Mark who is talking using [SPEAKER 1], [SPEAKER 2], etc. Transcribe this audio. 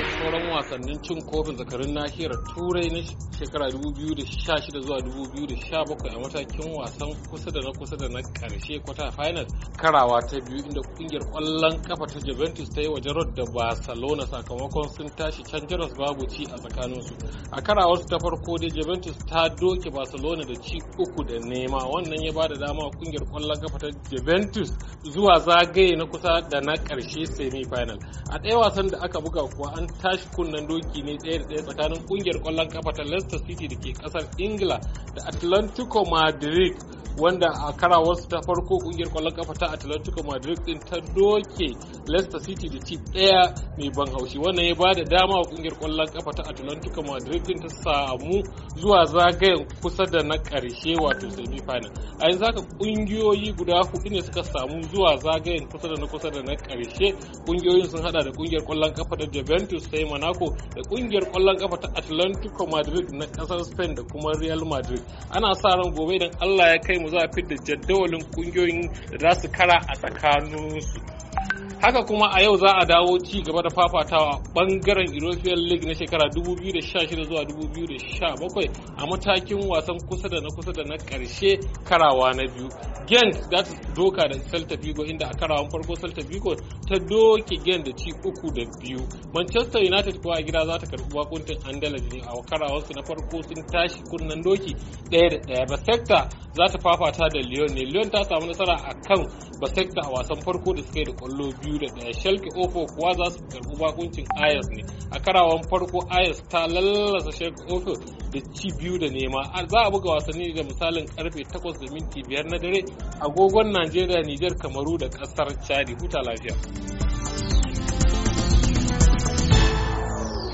[SPEAKER 1] gama sauran wasannin cin kofin zakarun nahiyar turai na shekara 2016 zuwa 2017 a matakin wasan kusa da na kusa da na karshe kwata final karawa ta biyu inda kungiyar kwallon kafa ta juventus ta yi wa rod da barcelona sakamakon sun tashi can babu ci a tsakanin su a karawarsu ta farko dai juventus ta doke barcelona da ci uku da nema wannan ya ba da dama kungiyar kwallon kafa ta juventus zuwa zagaye na kusa da na karshe semi final a ɗaya wasan da aka buga kuwa an tashi kunnen doki ne tsaye da tsaye tsakanin kungiyar kwallon kafa ta Leicester City da ke kasar Ingila da Atlantico Madrid wanda a kara wasu ta farko kungiyar kwallon kafa ta Atletico madrid din ta doke leicester city da ci daya mai ban haushi wannan ya bada dama wa kungiyar kwallon kafa ta Atletico madrid din ta samu zuwa zagayen kusa da na karshe wato semi final a yanzu haka kungiyoyi guda hudu ne suka samu zuwa zagayen kusa da na kusa da na karshe kungiyoyin sun hada da kungiyar kwallon kafa ta juventus sai monaco da kungiyar kwallon kafa ta Atletico madrid na kasar spain da kuma real madrid ana sa ran gobe idan allah ya kai mu za a fidda jadawalin kungiyoyin da za su kara a tsakanin su. haka kuma a yau za a dawo ci gaba da fafatawa bangaren european league na shekara 2016 zuwa 2017 a matakin wasan kusa da na kusa da na karshe karawa na biyu gent za ta doka da celta vigo inda a karawan farko celta vigo ta doke gent da ci uku da biyu manchester united kuwa a gida za ta karbi bakuntin andalus ne a su na farko sun tashi kunnen doki ɗaya da ɗaya sekta za ta fafata da lyon ne lyon ta samu nasara a kan sekta a wasan farko da suka yi da kwallo biyu biyu da ɗaya kuwa za su karɓi bakuncin Ayas ne a karawan farko Ayas ta lallasa Schalke ofo da ci biyu da nema za a buga wasanni da misalin karfe 8 da minti 5 na dare agogon Najeriya Nijar Kamaru da ƙasar Chadi huta lafiya.